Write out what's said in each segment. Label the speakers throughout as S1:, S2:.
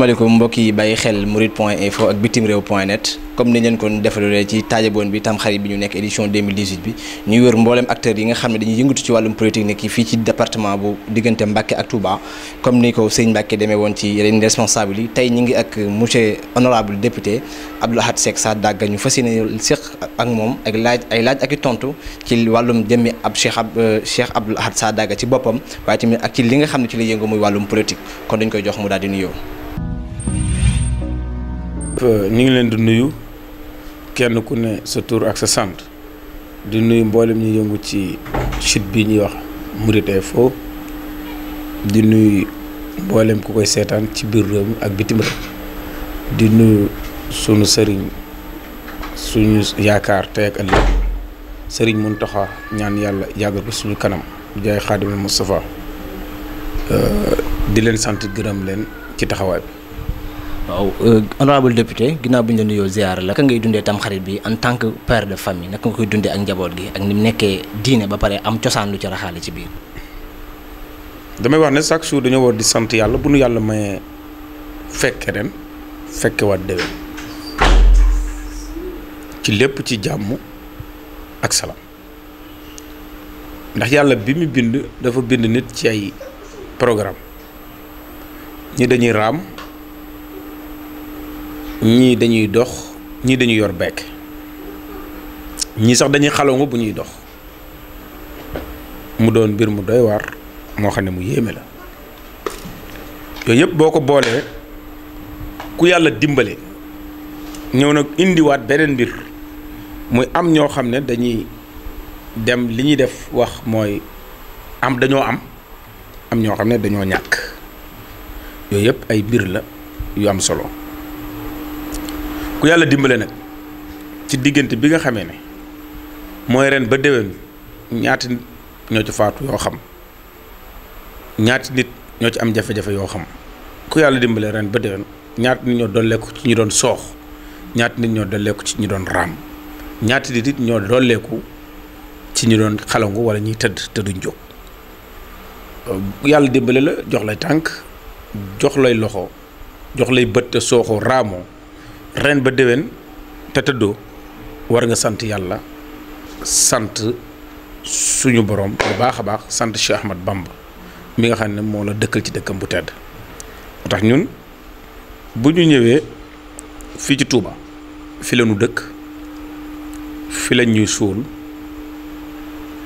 S1: asalaamaaleykum mbokk yi bàyyi xel murid point info ak bitim réew point net comme ni leen ko defalee ci taajaboon bi tam xarit bi ñu nekk édition 2018 bi ñuy wër mboolem acteurs yi nga xam ne dañuy yëngatu ci wàllum polytechnique yi fii ci département bu diggante Mbacke ak Touba comme ni ko sëñ Mbacke demee ci ñu ngi ak monsieur honorable ak moom ak laaj ay laaj ak tontu ci wàllum jëmmi ab Cheikh ab euh, Cheikh sa Ahad ci boppam waaye tamit ak ci li nga xam ne ci la yëngu muy wàllum politique kon dañ koy jox mu daal di nuyoo ñëpp euh, ñu ngi leen di nuyu kenn ku ne sa tur ak sa sant di nuyu mboolem ñu yëngu ci chute bi ñuy wax Mourides Info di nuyu mboolem ku koy seetaan ci biir réew ak bitim réew di nuyu sunu sëriñ suñu yaakaar tey ak ëllëg sëriñ Mountakha ñaan yàlla yàggal ko suñu kanam jaay xaadimul Moustapha euh, di leen sant gërëm leen ci taxawaay bi. waaw euh, honorable député ginnaaw bu ñu la nuyoo ziar la. naka ngay dundee tam xarit bi en tant que père de famille naka nga koy dundee ak njaboot gi ak ni mu nekkee diine ba pare am cosaan lu ci raxaale ci biir. damay wax ne chaque jour dañoo war di sant yàlla bu nu yàlla mayee fekke ren fekke waat déwén ci lépp ci jàmm ak salaam ndax yàlla bi mu bind dafa bind nit ci ay programme ñi dañuy raam. ñii dañuy dox ñii dañuy yor bekk ñii sax dañuy xalongu bu ñuy dox mu doon mbir mu doy waar moo xam ne mu yéeme la yooyu yëpp boo ko boolee ku yàlla dimbale ñëw nag indiwaat beneen mbir muy am ñoo xam ne dañuy dem li ñuy def wax mooy am dañoo am am ñoo xam ne dañoo ñàkk yooyu yëpp ay mbir la yu am solo ku yàlla dimbale nag ci diggante bi nga xamee ne mooy ren ba déwén ñaat nit ñoo ci faatu yoo xam ñaat nit ñoo ci am jafe-jafe yoo xam ku yàlla dimbale ren ba déwén ñaati nit ñoo dolleeku ci ñu doon soox ñaati nit ñoo dolleeku ci ñu doon raam ñaati nit it ñoo dolleeku ci ñu doon xalangu wala ñuy tëdd te duñ jóg yàlla dimbale la jox lay tànk jox lay loxo jox lay bët te sooxoo raamoo ren ba déwén te tëddoo war nga sant yàlla sant suñu borom bu baax a baax sant Cheikh Ahmad Bamba mi nga xam ne moo la dëkkal ci dëkkam bu tedd moo tax ñun bu ñu ñëwee fii ci Touba fi la ñu dëkk fi la ñuy suul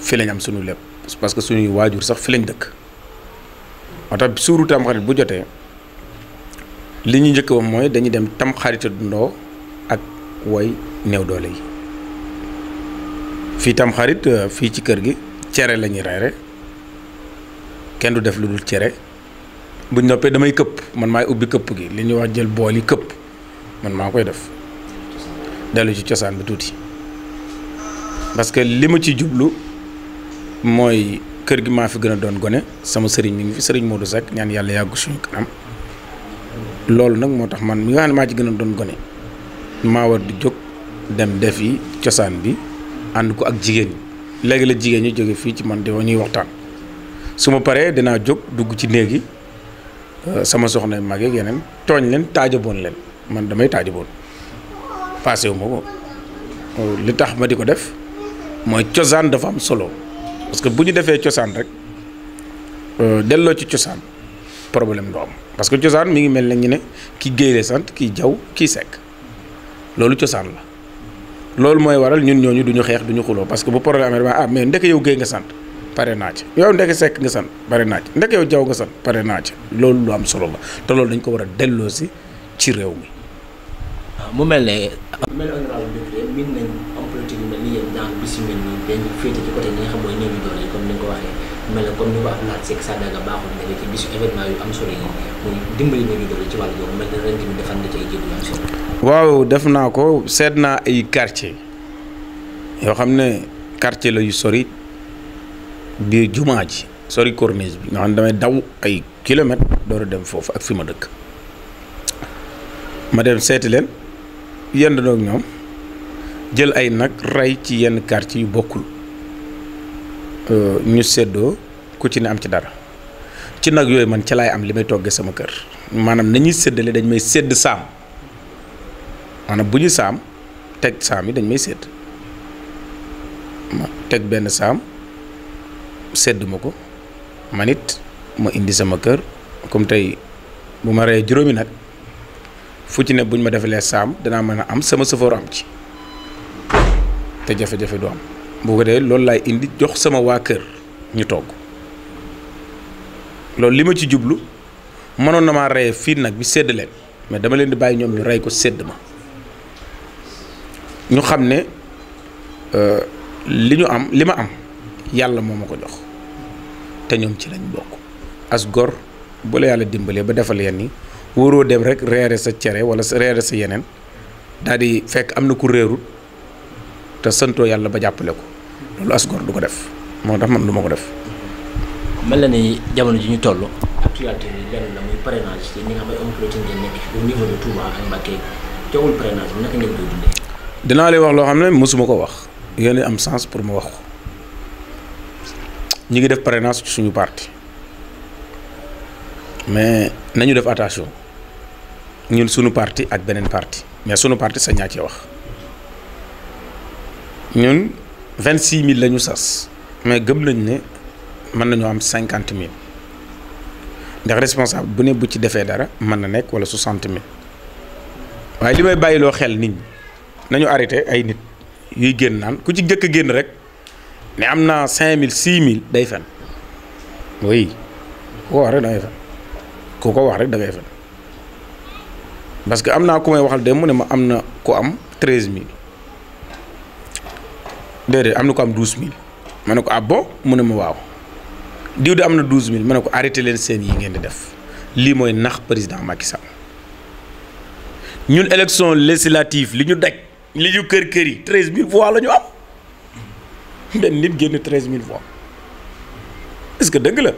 S1: fi lañ am suñu lépp parce que suñuy waajur sax fi lañ dëkk moo tax suuru tam bu jotee. li ñu njëkk wam mooy dañu dem tamxarit xarita dundoo ak woy néew doole yi fii tamxarit euh, fii ci kër gi cere lañuy ñuy reere kenn du def lu dul cere bu noppee damay këpp man maay ubbi këpp gi li ñuy wax jël bool yi këpp man maa koy def dellu ci cosaan bi tuuti parce que li ma ci jublu mooy kër gi maa fi gën a doon gone sama sëriñ mi ngi fi sëriñ du Seck ñaan yàlla yàggu suñu kanam loolu nag moo tax man mi nga xam ne maa ci gën a doon gone maa di jóg dem def yi cosaan bi ànd ko ak jigéen ñi léegi la jigéen ñi jóge fii ci man di ñuy waxtaan su ma paree dinaa jóg dugg ci néeg euh, sama soxna mag yeeg yeneen tooñ leen taajaboon leen man damay taajaboon passé wu ma ko euh, li tax ma di ko def mooy cosaan dafa am solo parce que bu ñu defee cosaan rek euh, delloo ci cosaan. problème du am parce que cosaan mi ngi mel na ñu ne ki géy la sant ki jaw ki sekk loolu cosaan la loolu mooy waral ñun ñooñu duñu xeex duñu xuloo parce que bu problème amee ah mais ndek yow géy nga sant pare naa ci yow ndek sekk nga sant pare naa ci ndek jaw nga sant pare naa ci loolu lu am solo la te loolu dañ ko war a delloo si ci réew mi. Ah, mel ne. mel ko waxee. mel waaw def naa ko seet naa ay quartier yoo xam ne quartier la yu sori biir jumaa ji sori corniche bi nga xam ne damay daw ay kilomètres door a dem foofu ak fi ma dëkk ma dem seeti leen yenn ak ñoom jël ay nag rey ci yenn quartier yu bokkul. ñu seddoo ku ci ne am ci dara ci nag yooyu man ci laay am li may toggee sama kër maanaam nañuy séddale dañ may sedd saam maanaam bu ñu saam teg saam yi dañ may sédd ma teg benn saam sédd ma ko man it ma indi sama kër comme tey bu ma reyee juróomi nag fu ci ne buñ ma defalee saam danaa mën a am sama sëfoor am ci te jafe-jafe du am. bu ko dee loolu laay indi jox sama waa kër ñu togg loolu li ma ci jublu mënoon na maa reye fii nag bi sedd leen mais dama leen di bàyyi ñoom ñu rey ko sedd ma ñu xam ne euh, li ñu am li ma am yàlla moo ma ko jox te ñoom ci lañ bokk as gor bu la yàlla dimbalee ba defal yenn yi wóoroo dem rek reere sa cere wala sa reere sa yeneen daal fekk am na ku réerut te santoo yàlla ba jàppale ko loolu as du ko def moo tax man duma ko def. mel na ni jamono ji ñu toll. actualité dinaa lay wax loo xam ne mosuma ko wax yéen am sens pour ma wax ko ñi ngi def parrainage ci suñu parti mais nañu def attention ñun sunu parti ak beneen parti mais sunu parti sañ naa cee wax. ñun vingt six mille lañu sas mais gëm nañ ne mën nañoo am cinquante mille ndax responsable bu ne bu ci defee dara mën na nekk wala soixante mille waaye li may bàyyiloo xel nit ñi nañu arrêté ay nit yuy génn naan ku ci jëkk a génn rek ne am naa cinq mille six mille day fen oui ku ko wax rek da fen ku ko wax rek da ngay fen parce que am naa ku may waxal de mu ne ma am na ku am treize mille. déedéet am na ko am 12000 ma ne ko ah bon mu ne diw de am na 12000 ma ne ko arrêté leen yi ngeen di def lii mooy nax président Macky Sall ñun élection législative li ñu daj li ñu kër kër yi 13000 voix la am benn nit génn 13000 voix est-ce que dëgg la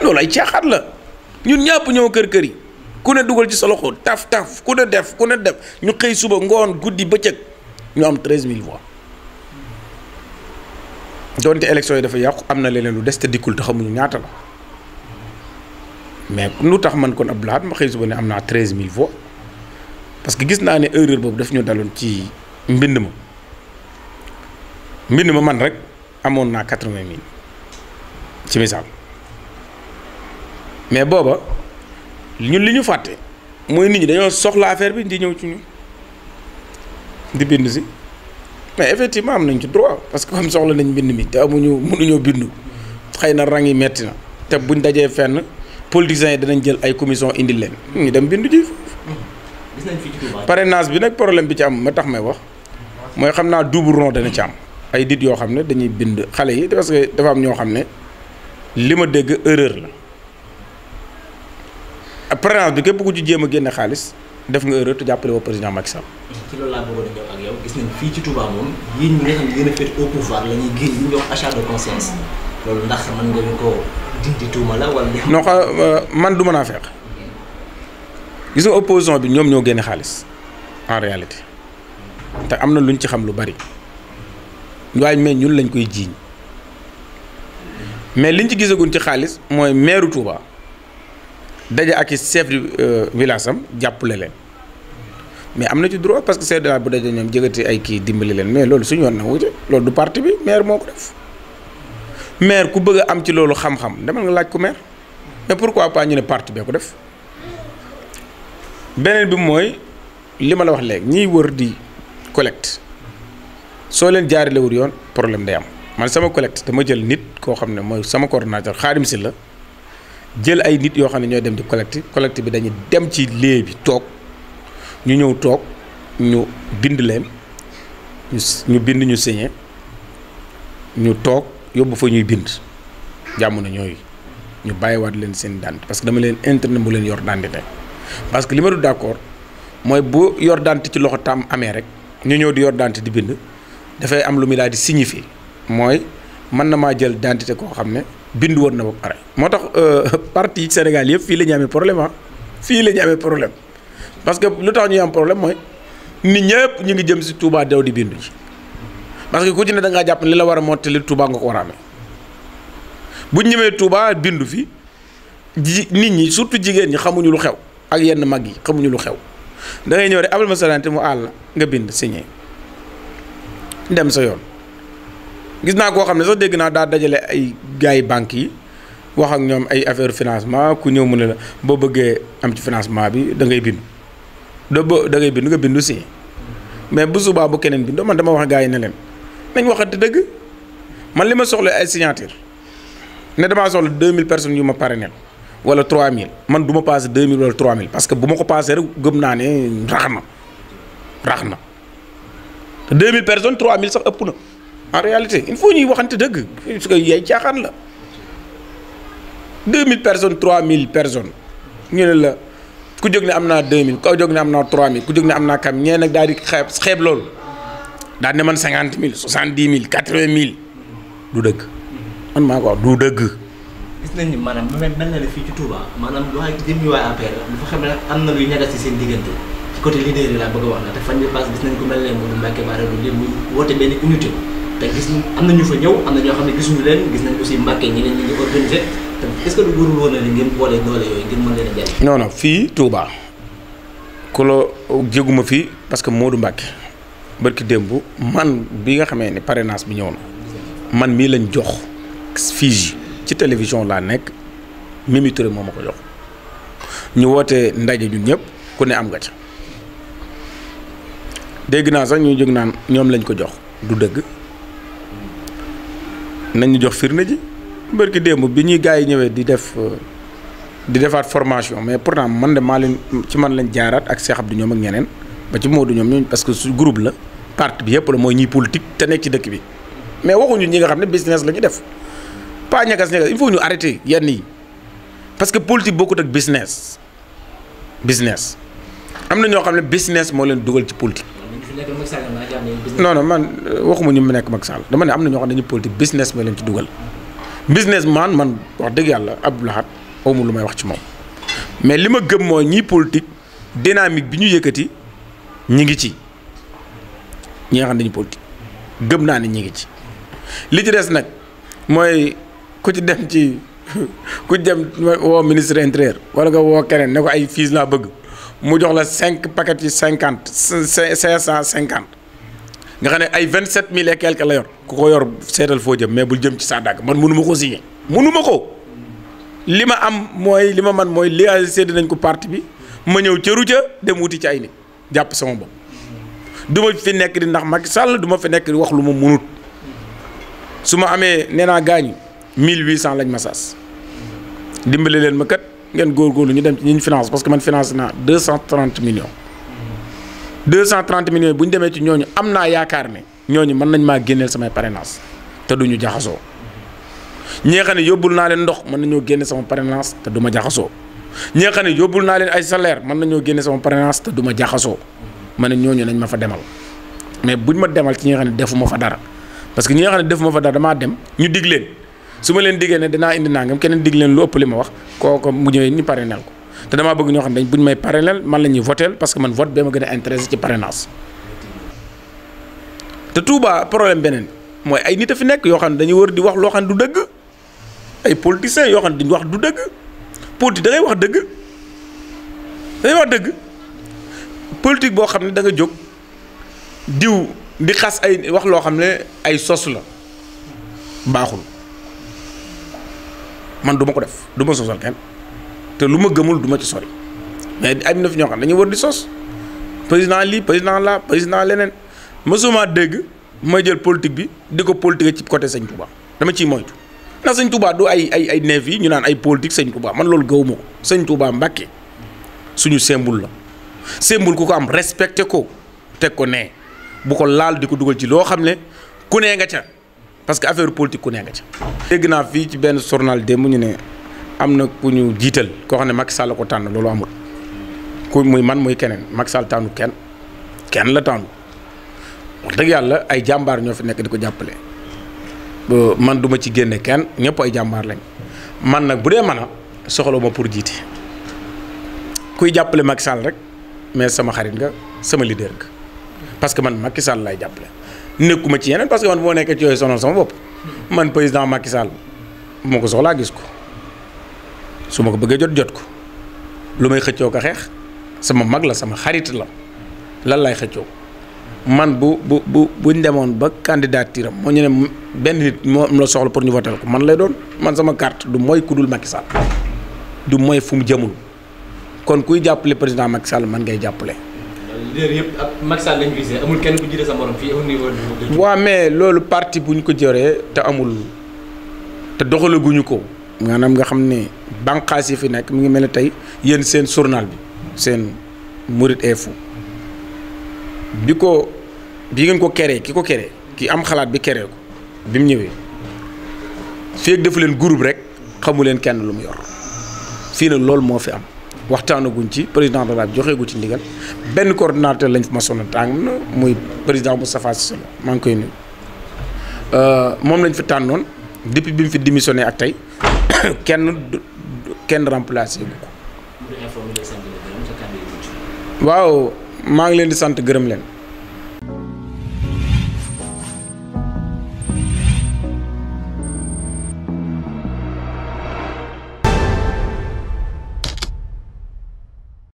S1: loolu ay caaxaan la ñun ñàpp ñëw kër kër yi ku ne dugal ci sa taf taf ku ne def ku ne def ñu xëy suba ngoon guddi bëccëg ñu am 13000 voix. doonte élection yi dafa yàqu am na leneen lu des te dikkul te xamuñu ñaata la mais lu tax man kon Abdou Lahad ma xëy suba ne am naa treize mille voix parce que gis naa ne erreur boobu daf ñu daloon ci mbind ma mbind ma man rek amoon naa quatre-vingt mille ci misaal mais booba ñu li ñu fàtte mooy nit ñi dañoo soxla affaire bi di ñëw ci ñu di bind si. mais effectivement am nañ ci droit parce que am soxla nañ mbind mi te amuñu mënuñoo bindu xëy na rang yi metti na te buñ dajee fenn politiciens yi danañ jël ay commission indi leen ñu dem bindu ji. gis nañ bi nag problème bi ci am ma tax may wax mooy xam naa double rond dana ci am ay dit yoo xam ne dañuy bind xale yi parce dafa am ñoo xam ne li ma dégg erreur la parrainage bi képp ku ci jéem a génne xaalis. def nga erreur te jàppale woo président Macky Sall. ci loolu laa bëggoon a ñëw ak yow gis nañ fii ci Touba moom yéen ñi nga xam ne yéen a féet au pouvoir la ñuy génn ñu wax achat de conscience loolu ndax man nga ñu ko dindi tuuma la wala. non euh, man du mën a feex gis nga opposition bi ñoom ñoo génne xaalis en réalité te am na luñ ci xam lu bari waaye mais ñun lañ koy jiiñ mais liñ ci gisagun ci xaalis mooy maire Touba. daje ak i chef du euh, village am jàppale leen mais am na ci droit parce que sedd de bu daje ñoom jëgati ay kii dimbali leen mais loolu suñu yoon na wute loolu du parti bi maire moo ko def maire ku bëgg a am ci loolu xam-xam demal nga laaj ko maire mais pourquoi pas ñu ne parti bee ko def beneen bi mooy li ma la wax léegi ñiy wër di collect soo leen jaarale wul yoon problème day am man sama collecte dama jël nit koo xam ne mooy sama coordonnateur Xaadim si la. jël ay nit yoo xam ne ñooy dem di collecte collecte bi dañu dem ci lee bi toog ñu ñëw toog ñu bind leen ñu bind ñu signé ñu toog yóbbu fa ñuy bind jàmm na ñooyu ñu bàyyiwaat leen seen dànt parce que dama leen internet bu leen yor dàntite parce que li ma du d'accord mooy bu yor dànt ci loxo tam amee rek ñu ñëw di yor dànt di bind dafay am lu muy daal di signifier mooy mën na maa jël dàntite koo xam ne bindu woon na ba pare moo tax euh, parti Sénégal yëpp fii la ñu amee problème ah. fii la ñu amee problème parce que lu tax ñuy am problème mooy nit ñëpp ñu ngi jëm si Touba daw di bind ji parce que ku ci ne da jàpp ne li la war a mottali Touba nga ko war a amee bu ñu ñëwee Touba bindu fi ji nit ñi surtout jigéen ñi xamuñu lu xew ak yenn mag yi xamuñu lu xew dangay ñëw rek abal ma salante mu àll nga bind signé dem sa yoon. gis naa koo xam ne sax dégg naa daa dajale ay gars yi banques yi wax ak ñoom ay affaire financement ku ñëw mu ne la boo bëggee am ci financement bi da ngay bindu doo ba da ngay bindu nga bindu si mais bu subaa bu keneen bindoo man dama wax gars yi ne leen nañ waxante dëgg man li ma soxla ay signature ne damaa soxla 2000 personnes yu ma parrainé wala 3000 man du ma passé 2000 wala 3000 parce que bu ma ko passé rek gëm naa ne rax na rax na te 2000 personnes 3000 sax ëpp na. en réalité il faut ñuy waxante dëgg parce que yaay caaxaan la 2000 personnes 3000 personnes ñu ne la ku jóg ne am naa 2000 ku jóg ne am naa 3000 ku jóg ne am naa kam ñeen nag daal di xeeb xeeb loolu daal ne man 50 mille 70 000 80 000 du dëgg man maa ko wax du dëgg. gis nañ ni maanaam mel na ne fii ci Touba maanaam lu xam ne am na luy ñagas seen diggante ci côté leader yi laa bëgg a wax na te fan yii pass gis nañ ko mel ne Mbacke Bara Dolly muy woote benn te gis am na ñu fa ñëw na ne ñi leen ñu organisé te est fii Touba ku la jéguma fii parce que Modou Mbàkke barki démb man bi nga xamee ni parrainage bi ñëw na man mii lañ jox fii ci télévision laa nekk Mimi Touré moo ko jox ñu woote ndaje ñun ñépp ku ne am nga ca dégg naa sax ñu jóg naan ñoom lañ ko jox du dëgg. nañ ñu jox firnde ji mbërki démb bi ñuy gars yi ñëwee di def euh, di defaat formation mais pour pourtant man de maa leen ci man lañ jaaraat ak Cheikh du ñoom ak ñeneen ba ci du ñoom ñoom parce que su groupe la part bi yëpp la mooy ñiy politique te nekk ci dëkk bi mais waxuñu ñi nga xam ne business la ñu def pas ñagas ñagas il faut ñu arrêter yenn yi parce que politique bokkut ak business business am na ñoo xam ne business moo leen dugal ci politique. nekk Macky Sall nga jàpp man euh, waxuma ñu mu nekk Macky Sall dama ne am na ñoo xam ne dañuy politique business ma leen ci dugal business man man wax dëgg yàlla Abdou Lahad awma lu may wax ci moom mais li ma gëm mooy ñii politique dynamique bi ñu yëkkati ñi ngi ci ñi nga xam ne dañu politique gëm naa ne ñi ngi ci li ci des nag mooy ku ci dem ci ku jëm dem woo ministre intérieur wala nga woo keneen ne ko ay fiis laa bëgg mu jox la cinq paquets yi cinquante cinq cent cinquante nga xam ne ay vingt sept mille et quelque la yor ku ko yor seetal foo jëm mais bul jëm ci saa Sadaga man mënu ma ko si mënu ma ko li ma am mooy li ma man mooy li sédd nañ ko parti bi ma ñëw cëru ca dem wuti ci ay nit jàpp sama bopp du ma fi nekk di ndax mag Sall duma ma fi nekk wax lu ma munut su ma amee nee naa gaañu mille huit cent lañ ma saas dimbale leen ma kat. ngeen góorgóorlu ñu dem ci ñu finance parce que man finance na 230 millions. 230 millions buñ démé ci ñoñu amna naa yaakaar ne ñooñu nañ ma génneel sama parrainage té duñu jaxaso jaxasoo ñi nga xam ne yóbbul ndox mën nañu génne sama parrainage té duma jaxaso jaxasoo ñi nga xam ne yóbbul ay salaire mën nañu génne sama parrainage té duma jaxaso jaxasoo ñoñu nañ ma fa démal mais buñ ma démal ci ñi nga defuma fa dara parce que ñi nga defuma fa dara dama dem ñu dig si ma leen de ne danaa indi nangam keneen dig lu ëpp li ma wax kooku mu ñëwee ko je bëgg xam ne buñ may parrainel man la ñuy parce que man vote bee intéressé ci parrainage te Touba problème beneen mooy ay nit a nekk yoo xam ne wër di wax ne du dëgg ay politiciens yoo xam di wax du dëgg politique wax dëgg politique bo xam da nga jog diw di xass ay wax lo xam ne ay sos la man duma ko def du ma sosal kenn te lu ma gëmul duma ci sori mais am na fi ñoo xam dañuy war di sos président lii président la président leneen mësuma dégg ma jël politique bi di ko politique ci côté sëñ Touba dama ciy moytu ndax sëñ Touba du ay ay ay neef yi ñu naan ay politique sëñ Touba man loolu gëwuma ko sëñ Touba Mbàkke suñu symbole la symbole ku ko am respecté ko teg ko nee bu ko laal di ko dugal ci loo xam ne ku nee nga ca. parce que affaire politique ku ne nga ci. dégg naa fii ci benn de mu ñu ne am na ku ñu jiital koo xam ne Macky Sall la ko tànn loolu amul ku muy man muy keneen Macky Sall tànnu kenn kenn la tànnu wax dëgg yàlla ay jàmbaar ñoo fi nekk di ko jàppale man duma ci génne kenn ñëpp ay jàmbaar lañ man nag bu dee mën a soxla ma pour jiite kuy jàppale Macky Sall rek mais sama xarit nga sama leader nga parce que man Macky Sall lay jàppale. nekuma ci yenen parce que man moo nek ci yoy sonal sama bop man président Macky Sall moko soxla gis ko suma ko bëggee jot jot ko lu may sama mag la sama xarit la lan lay xëccio man bu bu bu buñ demoon ba candidature am mo ñu ne benn nit la soxla pour ñu voter ko man lay doon man sama carte du moy ku dul Macky Sall du moy fu mu jëmul kon kuy jàppale président Macky Sall man ngay jàppale. leader yëpp ak Macky Sall lañ visé amul kenn bu jiite sa morom fii au niveau mais loolu parti bu ñu ko joree te amul te doxalaguñu ko. maanaam nga xam ne bànqaas yi fi nekk mu ngi mel ne tey yéen seen journal bi seen Mouride Info bi ko bi ngeen ko keree ki ko keree ki am xalaat bi keree ko bi mu ñëwee fii ak defu leen groupe rek xamu leen kenn lu mu yor fii ne loolu moo fi am. waxtaanaguñ ci président de joxee joxeegu ci ndigal benn coordinateur lañ fa ma sonal tàng na muy président Moustapha Cissé Lo maa ngi koy nuyu euh, moom lañ fi tànnoon depuis bi mu fi démissionné ak tey kenn kenn remplacé gu ko. waaw maa ngi leen di sant gërëm leen.